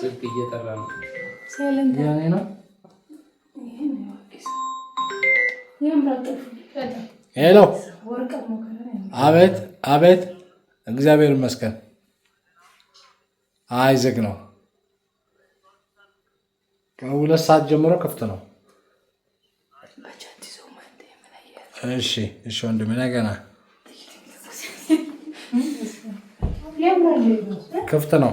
ስልክ እየጠራ ነው። ሄሎ። አቤት አቤት። እግዚአብሔር ይመስገን። አይ ዝግ ነው። ከሁለት ሰዓት ጀምሮ ክፍት ነው። እሺ እሺ፣ ወንድሜ ነገና ክፍት ነው።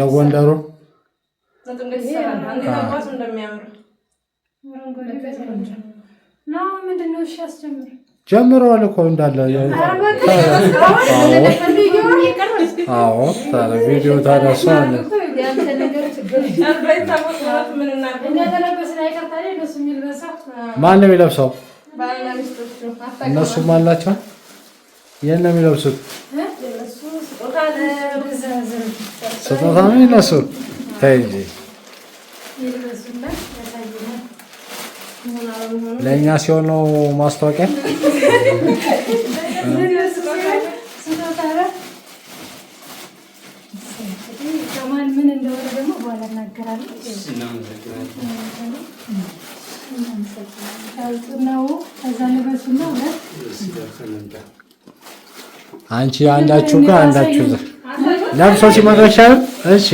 የጎንደሩ ጀምረዋል እኮ እንዳለ ቪዲዮ ታነሷ ማን ነው የሚለብሰው? እነሱም አላቸው። ይህን ነው የሚለብሱት። ስጦታ ነው ይነሱ። ተይ እንጂ ለእኛ ሲሆን ነው ማስታወቂያ። አንቺ አንዳችሁ ጋር አንዳችሁ ለብሶ ሲመጣ ይሻላል። እሺ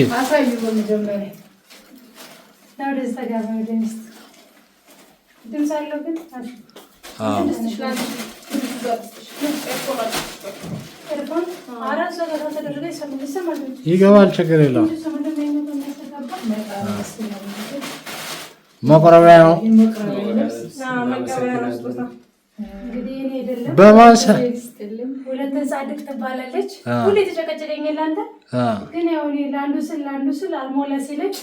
ይገባል፣ ችግር የለውም። መቁረቢያ ነው። በማሳ ሁለት ጻድቅ ትባላለች። ሁሌ ተጨቀጨቀኝ ለአንተ ግን ያው እኔ ለአንዱ ስል ለአንዱ ስል አልሞላ ሲለች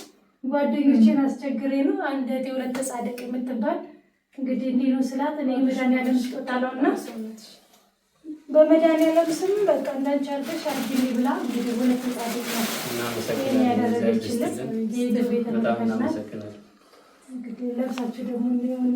ጓደኞችን አስቸግሬ ነው አንድ እህቴ ሁለት ጻድቅ የምትባል እንግዲህ እንዲህ ነው ስላት እኔ መድኃኒዓለም ስጦታለው እና በመድኃኒዓለም ስም በቃ እንዳንቻለሽ አድርጊ ብላ እንግዲህ ሁለት ጻድቅ ነው ያደረገችልን። የኢትዮጵያ እንግዲህ ለብሳችሁ ደግሞ እንዲሆና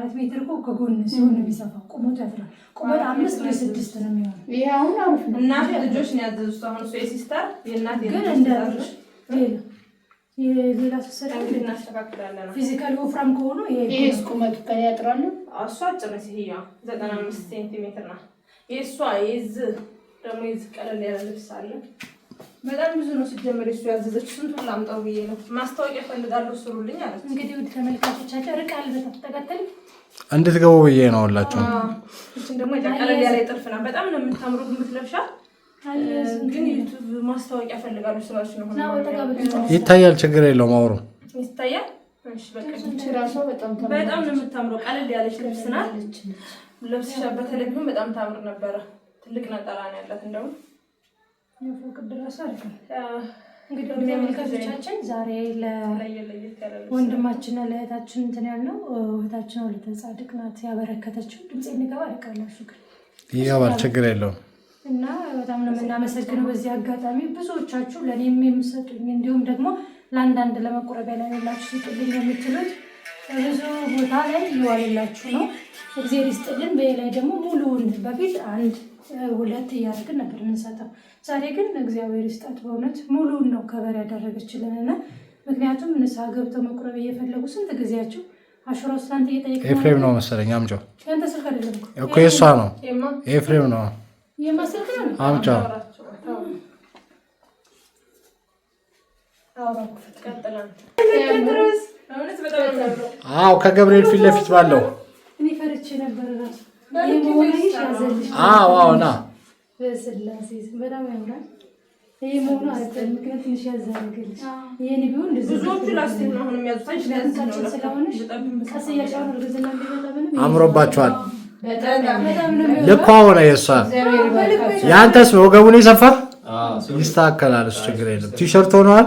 አራት ሜትር እኮ ከጎን ሲሆን ቢሰፋ የሚሰፋው። ቁመቱ ያጥራል። ቁመት አምስት ወይ ስድስት ነው የሚሆነው። ይሄ አሁን አሪፍ ነው። እናቴ ልጆች ነው ያዘዙት። አሁን እሱ የሲስተር የእናቴ ግን እንዳያጥርሽ ሌላ የሌላ ስሰራ እናስተካክላለን። ፊዚካሊ ወፍራም ከሆኑ ይሄስ ቁመቱ ከ ያጥራሉ። እሷ አጭር ነች። ይሄ ዘጠና አምስት ሴንቲሜትር ናት። የእሷ የዝ ደግሞ የዝ ቀለል ያለ ልብስ አለ በጣም ብዙ ነው ሲጀመር፣ እሱ ያዘዘች ስንቱን ላምጣው ብዬ ነው። ማስታወቂያ ፈልጋለሁ ስሩልኝ አለች። እንግዲህ ውድ ተመልካቾቻቸው ርቃል በተተከተል እንድትገቡ ብዬ ነው ሁላችሁ። እችን ደግሞ ጨቀለል ያለ ጥልፍ ናት። በጣም ነው የምታምሩ የምትለብሻ። ግን ዩቱብ ማስታወቂያ ፈልጋለሁ ስራች ነው። ይታያል፣ ችግር የለውም አውሩ ይታያል። በጣም ነው የምታምረው። ቀለል ያለች ልብስ ናት። ለብስሻ በተለይ በጣም ታምር ነበረ። ትልቅ ነጠላ ነው ያላት እንደውም የፎቅ ድረስ አሪፍ እንግዲህ ተመልካቾቻችን ዛሬ ለወንድማችንና ለእህታችን እንትን ያልነው እህታችን ወለተ ጻድቅ ናት ያበረከተችው። ድምፅ የሚገባ ያቃላችሁ ግን ይገባል፣ ችግር የለውም እና በጣም ነው የምናመሰግነው። በዚህ አጋጣሚ ብዙዎቻችሁ ለእኔም የምሰጡኝ እንዲሁም ደግሞ ለአንዳንድ ለመቆረቢያ ላይ ያላችሁ ስጡልኝ የምትሉት ብዙ ቦታ ላይ ይዋልላችሁ ነው እግዚአብሔር ይስጥልን። በላይ ደግሞ ሙሉውን በፊት አንድ ሁለት እያደረግን ነበር የምንሰጠው። ዛሬ ግን እግዚአብሔር ይስጣት በእውነት ሙሉውን ነው ከበር ያደረገችልን እና ምክንያቱም ንስሐ ገብተው መቁረብ እየፈለጉ ስንት ጊዜያቸው አሽሮ ስንት እየጠየቅ ኤፍሬም ነው መሰለኝ አምጫ ያንተ ስልክ አይደለም እኮ የእሷ ነው ኤፍሬም ነው የማስልክ ነው አምጫ አዎ ከገብርኤል ፊት ለፊት ባለው ፈርቼ ነበር ራሱ ና ልኳ ሆነ የእሷ የአንተስ ወገቡን የሰፋ ይስተካከላል። እሱ ችግር የለም። ቲሸርት ሆነዋል።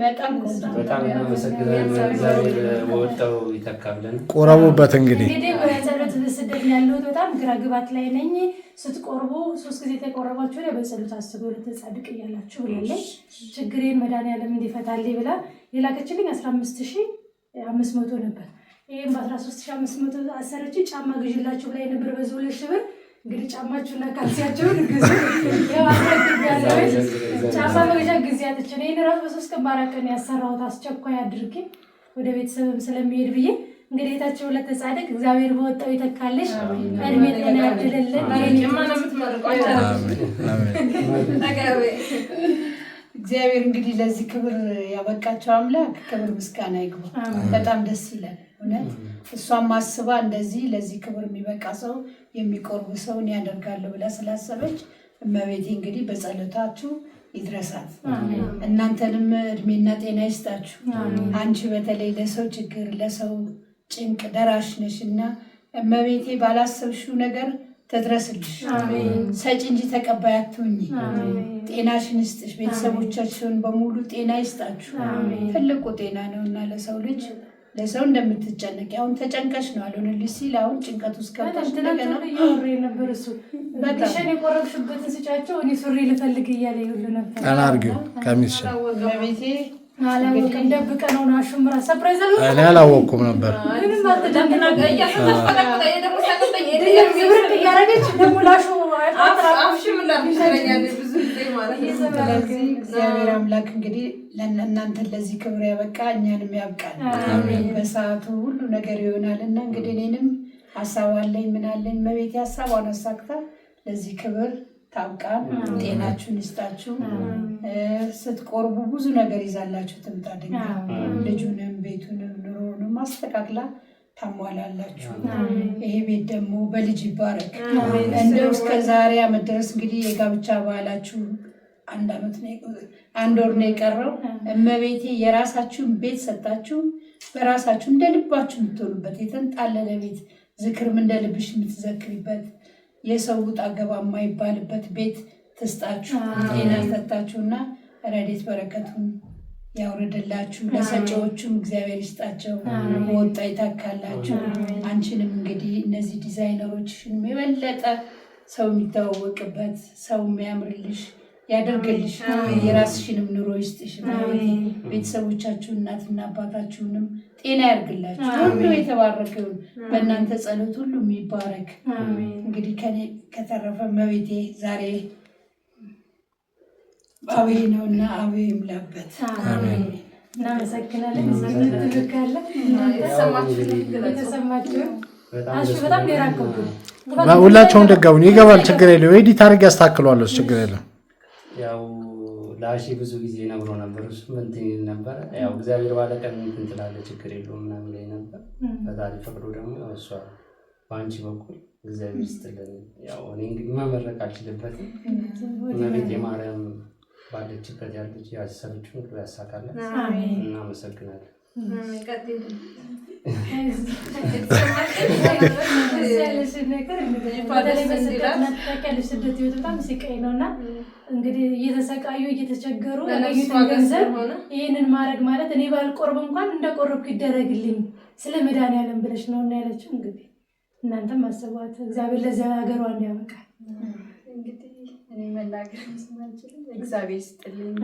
በጣም እናመሰግናለን። ይተካብለን። ቆረቡበት እንግዲህ በጸሎት ስደት ያለሁት በጣም ግራ ግባት ላይ ነኝ። ስትቆርቡ ሶስት ጊዜ ተቆረባችሁ ላይ በጸሎት አስቡ እያላችሁ ብላለች። ችግሬን መድኃኒዓለም እንዲፈታልኝ ብላ የላከችልኝ አስራ አምስት ሺ አምስት መቶ ነበር። ይህም በአስራ ሶስት ሺ አምስት መቶ አሰረች። ጫማ ግዥላችሁ ላይ ነበር በዚህ ሁለት ሺህ ብር እንግዲህ ጫማችሁና ካልሲያቸውን ግዙ። ጫማ መግዣ ጊዜ አጥቼ ነው። ይህን ራሱ በሶስት ቀን በአራት ቀን ያሰራሁት አስቸኳይ አድርጊ ወደ ቤተሰብም ስለሚሄድ ብዬ እንግዲህ የታቸው ለተጻደቅ እግዚአብሔር በወጣው ይተካለሽ። እድሜ ጤና ያድልልን። እግዚአብሔር እንግዲህ ለዚህ ክብር ያበቃቸው አምላክ ክብር ምስጋና ይግባ። በጣም ደስ ይላል። እውነት እሷም አስባ እንደዚህ ለዚህ ክብር የሚበቃ ሰው የሚቆርብ ሰውን ያደርጋለሁ ብላ ስላሰበች እመቤቴ እንግዲህ በጸሎታችሁ ይድረሳት። እናንተንም እድሜና ጤና ይስጣችሁ። አንቺ በተለይ ለሰው ችግር ለሰው ጭንቅ ደራሽ ነሽ እና እመቤቴ ባላሰብሽው ነገር ተድረስልሽ። ሰጪ እንጂ ተቀባይ አትሁኚ። ጤናሽን ይስጥሽ። ቤተሰቦቻችሁን በሙሉ ጤና ይስጣችሁ። ትልቁ ጤና ነው እና ለሰው ልጅ ለሰው እንደምትጨነቅ አሁን ተጨንቀሽ ነው አልሆነልሽ ሲል አሁን ጭንቀት ውስጥ ገብተሽ እንደገና ነበር። እሱ በሽን የቆረብሽበትን ስጫቸው እኔ ሱሪ ልፈልግ እያለ ይሉ ነበር። ቀና አድርጊው ከሚስ እኔ አላወኩም ነበር። እግዚአብሔር አምላክ እንግዲህ እናንተ ለዚህ ክብር ያበቃ እኛንም ያብቃል። በሰዓቱ ሁሉ ነገር ይሆናል እና እንግዲህ እኔንም ሀሳብ አለኝ ምናለኝ መቤት ሀሳቧን አሳክታ ለዚህ ክብር ታብቃን፣ ጤናችሁን ይስጣችሁ። ስትቆርቡ ብዙ ነገር ይዛላችሁ ትምጣ ልጁንም ቤቱንም ኑሮንም ማስተካክላ ታሟላላችሁ። ይሄ ቤት ደግሞ በልጅ ይባረክ። እንደው እስከ ዛሬ አመት ድረስ እንግዲህ የጋብቻ ባህላችሁ አንድ አመት አንድ ወር ነው የቀረው። እመቤቴ የራሳችሁን ቤት ሰጣችሁ፣ በራሳችሁ እንደ ልባችሁ የምትሆኑበት የተንጣለለ ቤት፣ ዝክርም እንደ ልብሽ የምትዘክሪበት የሰው ውጣ ገባ የማይባልበት ቤት ትስጣችሁ፣ ጤና ሰጣችሁና ረዴት በረከቱን ያውርድላችሁ። ለሰጪዎቹም እግዚአብሔር ይስጣቸው፣ በወጣ ይታካላችሁ። አንቺንም እንግዲህ እነዚህ ዲዛይነሮችሽን የበለጠ ሰው የሚተዋወቅበት ሰው የሚያምርልሽ ያደርገልሽ የራስሽንም ኑሮ ይስጥሽ። ቤተሰቦቻችሁ እናትና አባታችሁንም ጤና ያርግላችሁ። ሁሉ የተባረከ ይሁን። በእናንተ ጸሎት ሁሉ የሚባረክ እንግዲህ ከኔ ከተረፈ መቤቴ ዛሬ አቤ ነውና አቤ ይምላበት። እናመሰግናለን። ሁላቸውም ደጋቡ ይገባል። ችግር የለ ኤዲት አድርግ ያስታክሏለች። ችግር የለም ያው ለአሺ ብዙ ጊዜ ነግሮ ነበር። እሱ እንትን ይል ነበረ። ያው እግዚአብሔር ባለቀን እንትን ትላለህ፣ ችግር የለውም ምናምን ላይ ነበር። በታሪ ፈቅዶ ደግሞ ያው እሷ በአንቺ በኩል እግዚአብሔር ስትልን፣ ያው እኔ እንግዲህ መመረቅ አልችልበትም። እመቤት የማርያም ባለችበት ያለች ያሰበችውን ሁሉ ያሳካላት። እናመሰግናለን። ስደት ህይወት በጣም ስቃይ ነው እና እንግዲህ እየተሰቃዩ እየተቸገሩ ገንዘብ ይህንን ማድረግ ማለት እኔ ባልቆርብ እንኳን እንደቆረብኩ ይደረግልኝ ስለ መድኃኒዓለም ብለሽ ነው እና ያለችው። እንግዲህ እናንተም አስቧት። እግዚአብሔር ለዚያ ሀገሯ እንዲያበቃል። እንግዲህ እኔ መናገር እግዚአብሔር ይስጥልኝ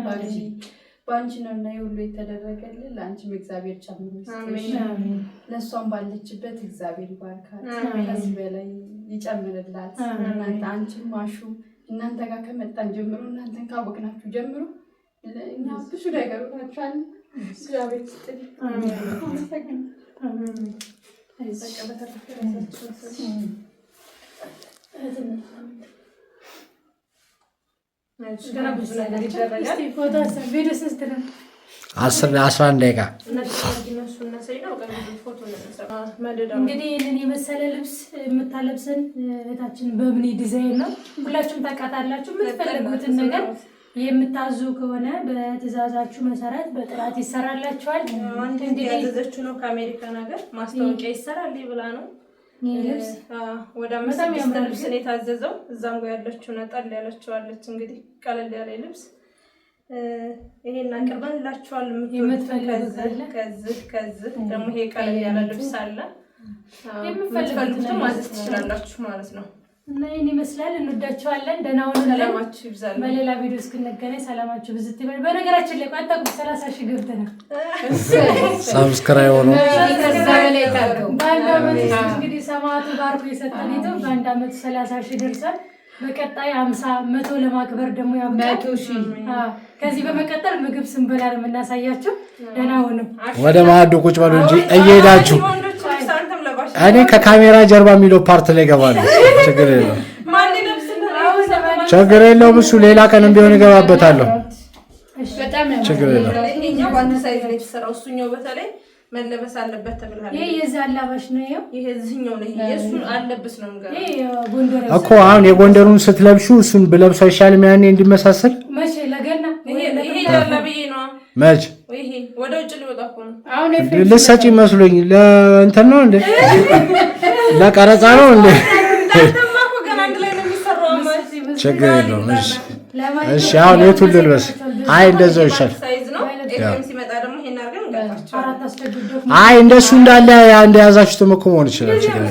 በአንቺ ነው እና የሁሉ የተደረገልን ለአንቺም እግዚአብሔር ጨምሮ ለእሷም ባለችበት እግዚአብሔር ይባርካት፣ ከዚህ በላይ ይጨምርላት። እናንተ አንቺም ማሹ እናንተ ጋር ከመጣን ጀምሮ እናንተን ካወቅናችሁ ጀምሮ እኛ ብዙ ነገሩ ናቸዋል። እግዚአብሔር ስጥል በተረፈ አስራ አንድ ደቂቃ እንግዲህ ይህንን የመሰለ ልብስ የምታለብሰን እህታችን በብኔ ዲዛይን ነው። ሁላችሁም ታውቃታላችሁ። የምትፈልጉትን ነገር የምታዙ ከሆነ በትዕዛዛችሁ መሰረት በጥራት ይሰራላችኋል። እንግዲህ ያዘዘችው ነው ከአሜሪካን ሀገር ማስታወቂያ ይሰራል ብላ ነው ወደ አምስት ስድስት ልብስ ነው የታዘዘው። እዛም ጋር ያለችው ነጠል ያለችው አለች። እንግዲህ ቀለል ያለ ልብስ ይሄን አቅርበንላችኋል። ከዚህ ከዚህ ደግሞ ይሄ ቀለል ያለ ልብስ አለ። የምትፈልጉትን ማዘዝ ትችላላችሁ ማለት ነው። እና ይህን ይመስላል። እንወዳቸዋለን። ደህና ሁኑ። ሰላማችሁ ይብዛል። በሌላ ቪዲዮ እስክንገናኝ ሰላማችሁ ብዝት ይበል። በነገራችን ላይ አታውቁም፣ ሰላሳ ሺህ ገብተናል። ሰብስክራይብ ነው በአንድ አመት እንግዲህ ሰማዕቱ ባርኮ የሰጠን ይዘው በአንድ አመት ሰላሳ ሺህ ደርሳል። በቀጣይ አምሳ መቶ ለማክበር ደግሞ ያመቶ ከዚህ በመቀጠል ምግብ ስንበላ የምናሳያቸው። ደህና ሁኑ። ወደ ማዕዱ ቁጭ በሉ እንጂ እየሄዳችሁ እኔ ከካሜራ ጀርባ የሚለው ፓርት ላይ እገባለሁ። ችግር የለውም፣ ችግር የለውም። እሱ ሌላ ቀንም ቢሆን እገባበታለሁ። ችግር የለውም። መለበስ አለበት ይሄ የዚህ አላባሽ ነው። ይሄ እዚህኛው ነው። አለብስ ነው እኮ አሁን የጎንደሩን ስትለብሹ እሱን ብለብሱ አይሻልም? ያኔ እንዲመሳሰል መቼ ለገና ይሄ ነው መቼ ልሰጪ መስሎኝ ለእንትን ነው እንደ ለቀረጻ ነው እንደ ችግር የለውም። እሺ አሁን የቱን ልልበስ? አይ እንደዛው ይሻል። አይ እንደሱ እንዳለ እንደያዛችሁትም እኮ መሆን ይችላል። ችግር ነው።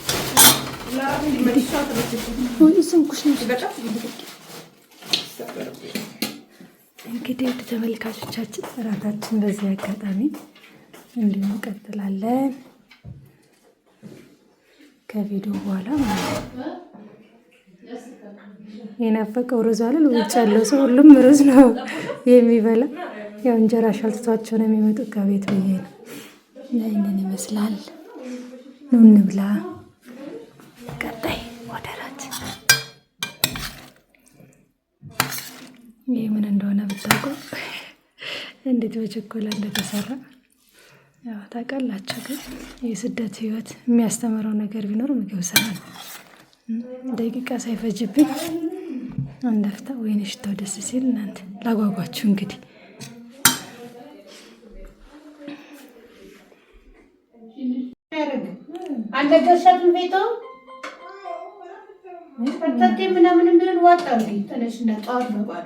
እንግዲህ ውድ ተመልካቾቻችን እራታችን በዚህ አጋጣሚ እንዲሁ እንቀጥላለን ከቪዲዮ በኋላ ማለት ነው። የናፈቀው ሩዝ አለ ውጭ ያለው ሰው ሁሉም ሩዝ ነው የሚበላ። ያው እንጀራ ሻልትቷቸው ነው የሚመጡት ከቤት ብዬ ነው። ይህንን ይመስላል። ኑ እንብላ። ምን እንደሆነ ብታውቁ እንዴት በችኮላ እንደተሰራ ያው ታውቃላችሁ። ግን የስደት ህይወት የሚያስተምረው ነገር ቢኖር ምግብ ሰራ ነው። ደቂቃ ሳይፈጅብኝ እንደፍታ ወይን ሽታው ደስ ሲል እናንተ ላጓጓችሁ እንግዲህ አልደገሰትም ቤቶ ምናምን ዋጣ እንዴ ተነሽ ነጣ ነው ባሉ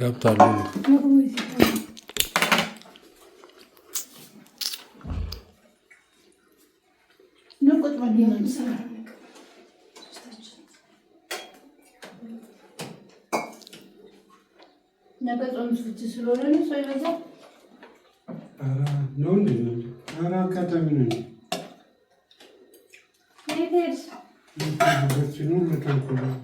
ገብቷል። ነገ ጾም ስለሆነ ነው።